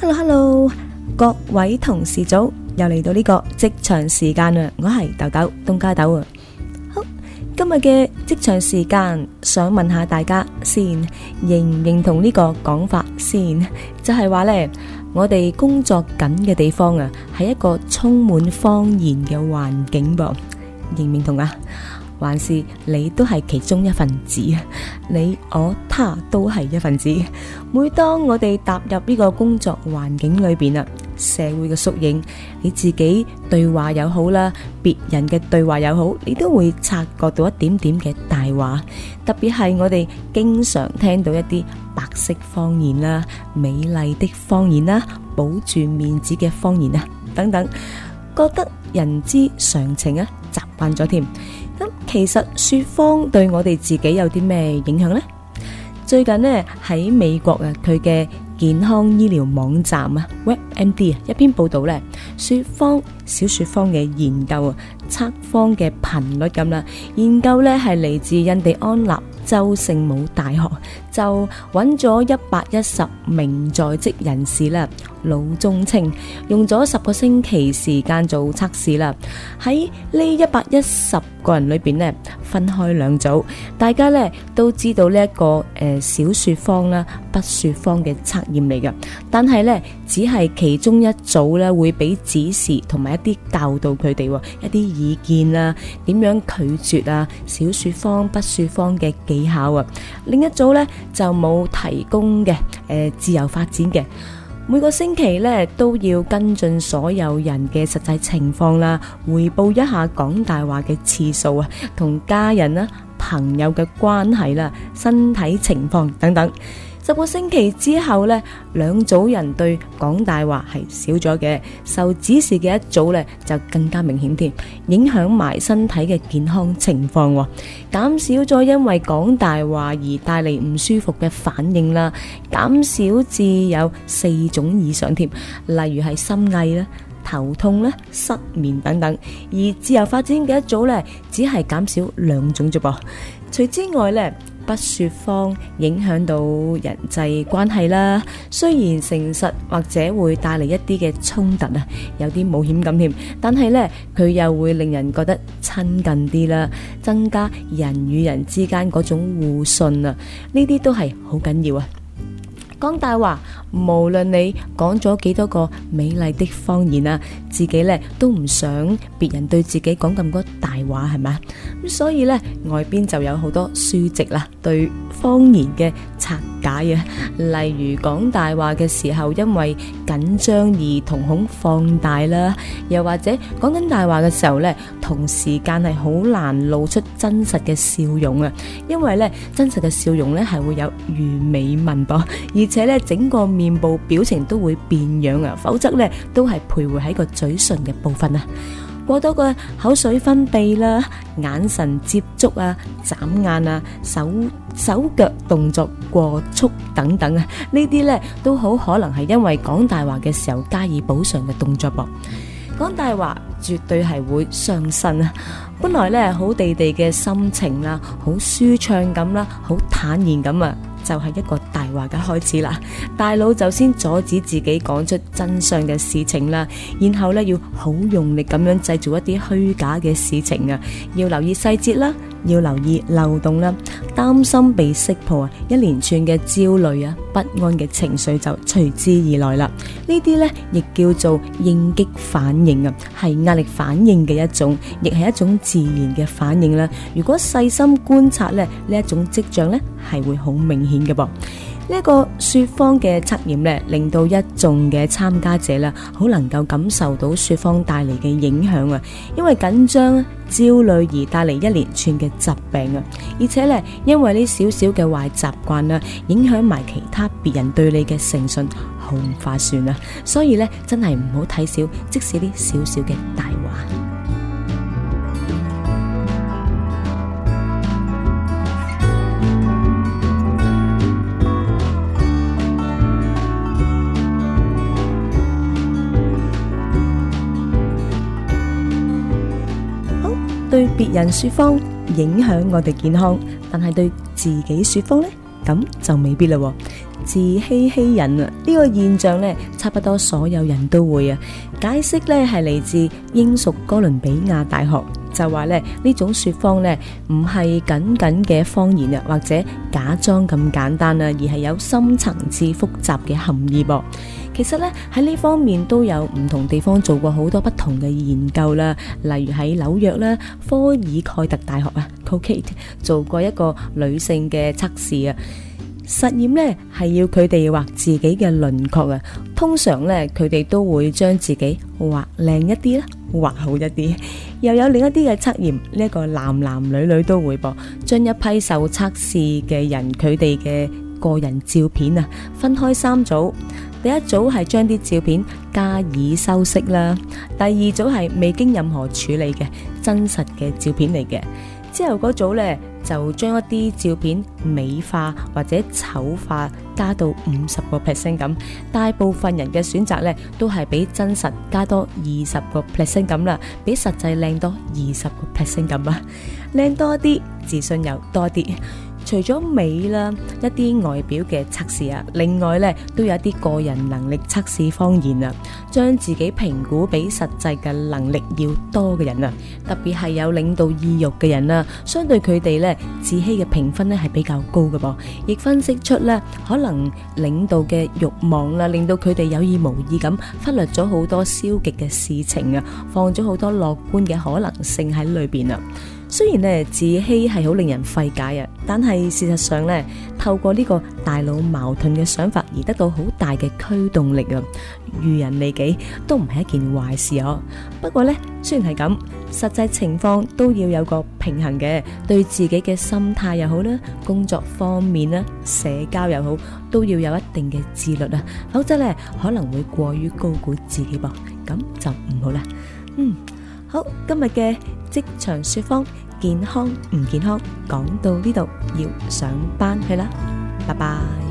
hello hello 各位同事早，又嚟到呢個職場時間啦，我係豆豆東加豆啊。好，今日嘅職場時間想問下大家先，認唔認同呢個講法先？就係、是、話呢，我哋工作緊嘅地方啊，係一個充滿謊言嘅環境噃、啊，認唔認同啊？還是你都係其中一份子啊！你、我、他都係一份子。每當我哋踏入呢個工作環境裏邊啦，社會嘅縮影，你自己對話又好啦，別人嘅對話又好，你都會察覺到一點點嘅大話，特別係我哋經常聽到一啲白色謊言啦、美麗的謊言啦、保住面子嘅謊言啊等等，覺得人之常情啊，習慣咗添。其實說謊對我哋自己有啲咩影響呢？最近咧喺美國啊，佢嘅健康醫療網站啊，WebMD 啊一篇報道呢說謊，少說謊嘅研究啊，測謊嘅頻率咁啦，研究呢係嚟自印第安納州聖母大學。就揾咗一百一十名在職人士啦，老中青，用咗十個星期時間做測試啦。喺呢一百一十個人裏邊呢，分開兩組，大家呢都知道呢一個誒，少說謊啦，不說謊嘅測驗嚟嘅。但係呢，只係其中一組呢會俾指示同埋一啲教導佢哋，一啲意見啊，點樣拒絕啊，少說謊不說謊嘅技巧啊。另一組呢。就冇提供嘅，誒、呃，自由發展嘅。每個星期咧都要跟進所有人嘅實際情況啦，匯報一下講大話嘅次數啊，同家人啦、啊、朋友嘅關係啦、啊、身體情況等等。十個星期之後呢，兩組人對講大話係少咗嘅，受指示嘅一組呢，就更加明顯添，影響埋身體嘅健康情況，減少咗因為講大話而帶嚟唔舒服嘅反應啦，減少至有四種以上添，例如係心悸啦、頭痛啦、失眠等等，而自由發展嘅一組呢，只係減少兩種啫噃，除此之外呢。不說謊影響到人際關係啦，雖然誠實或者會帶嚟一啲嘅衝突啊，有啲冒險感添，但係呢，佢又會令人覺得親近啲啦，增加人與人之間嗰種互信啊，呢啲都係好緊要啊。講大話，無論你講咗幾多個美麗的謊言啊，自己咧都唔想別人對自己講咁多大話，係咪？咁所以咧，外邊就有好多書籍啦，對謊言嘅。拆解啊！例如講大話嘅時候，因為緊張而瞳孔放大啦，又或者講緊大話嘅時候呢，同時間係好難露出真實嘅笑容啊！因為呢，真實嘅笑容呢係會有魚尾紋噃，而且呢整個面部表情都會變樣啊！否則呢都係徘徊喺個嘴脣嘅部分啊！過多嘅口水分泌啦、眼神接觸啊、眨眼啊、手手腳動作過速等等啊，呢啲咧都好可能係因為講大話嘅時候加以補償嘅動作噃。講大話絕對係會傷身啊！本來咧好地地嘅心情啦，好舒暢咁啦，好坦然咁啊！就係一個大話嘅開始啦，大腦就先阻止自己講出真相嘅事情啦，然後咧要好用力咁樣製造一啲虛假嘅事情啊，要留意細節啦。要留意漏洞啦，擔心被識破啊，一連串嘅焦慮啊、不安嘅情緒就隨之而來啦。呢啲呢亦叫做應激反應啊，係壓力反應嘅一種，亦係一種自然嘅反應啦。如果細心觀察呢，呢一種跡象呢係會好明顯嘅噃。呢一個說謊嘅測驗咧，令到一眾嘅參加者啦，好能夠感受到說謊帶嚟嘅影響啊！因為緊張、啊、焦慮而帶嚟一連串嘅疾病啊，而且咧，因為呢少少嘅壞習慣啊，影響埋其他別人對你嘅誠信，好唔划算啊！所以咧，真係唔好睇小，即使啲少少嘅大。對別人說謊，影響我哋健康，但係對自己說謊呢，咁就未必啦。自欺欺人啊，呢個現象呢，差不多所有人都會啊。解釋呢係嚟自英屬哥倫比亞大學。就話咧呢種說謊呢，唔係僅僅嘅謊言啊或者假裝咁簡單啦，而係有深層次複雜嘅含義噃。其實呢，喺呢方面都有唔同地方做過好多不同嘅研究啦，例如喺紐約啦科爾蓋特大學啊 Colgate 做過一個女性嘅測試啊。實驗呢，係要佢哋畫自己嘅輪廓啊，通常呢，佢哋都會將自己畫靚一啲啦。畫好一啲，又有另一啲嘅測驗。呢個男男女女都會噃，將一批受測試嘅人，佢哋嘅個人照片啊，分開三組。第一組係將啲照片加以修飾啦，第二組係未經任何處理嘅真實嘅照片嚟嘅，之後嗰組呢。就將一啲照片美化或者醜化加到五十個 percent 咁，大部分人嘅選擇呢都係比真實加多二十個 percent 咁啦，比實際靚多二十個 percent 咁啊，靚多啲，自信又多啲。除咗美啦，一啲外表嘅測試啊，另外咧都有一啲個人能力測試方言啊，將自己評估比實際嘅能力要多嘅人啊，特別係有領導意欲嘅人啊，相對佢哋咧自欺嘅評分咧係比較高嘅噃，亦分析出咧可能領導嘅欲望啦，令到佢哋有意無意咁忽略咗好多消極嘅事情啊，放咗好多樂觀嘅可能性喺裏邊啊。雖然呢自欺係好令人費解啊，但係事實上呢，透過呢個大腦矛盾嘅想法而得到好大嘅驅動力啊，助人利己都唔係一件壞事哦。不過呢，雖然係咁，實際情況都要有個平衡嘅，對自己嘅心態又好啦，工作方面啦，社交又好，都要有一定嘅自律啊，否則呢，可能會過於高估自己噃，咁就唔好啦。嗯，好，今日嘅。職場說謊，健康唔健康，講到呢度要上班去啦，拜拜。